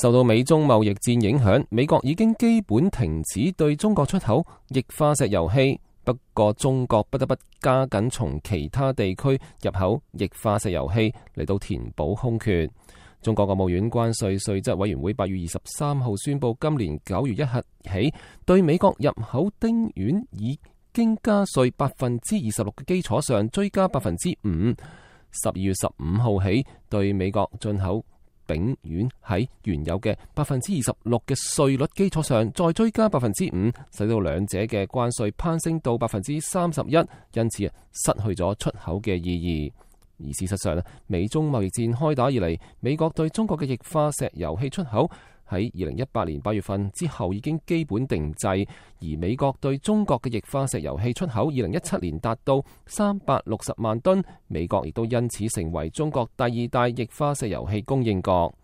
受到美中貿易戰影響，美國已經基本停止對中國出口液化石油氣。不過，中國不得不加緊從其他地區入口液化石油氣嚟到填補空缺。中國國務院關稅稅則委員會八月二十三號宣布，今年九月一日起，對美國入口丁烷已經加稅百分之二十六嘅基礎上追加百分之五。十二月十五號起，對美國進口丙縣喺原有嘅百分之二十六嘅稅率基礎上，再追加百分之五，使到兩者嘅關稅攀升到百分之三十一，因此啊，失去咗出口嘅意義。而事實上咧，美中貿易戰開打以嚟，美國對中國嘅液化石油氣出口。喺二零一八年八月份之後已經基本定制，而美國對中國嘅液化石油氣出口，二零一七年達到三百六十萬噸，美國亦都因此成為中國第二大液化石油氣供應國。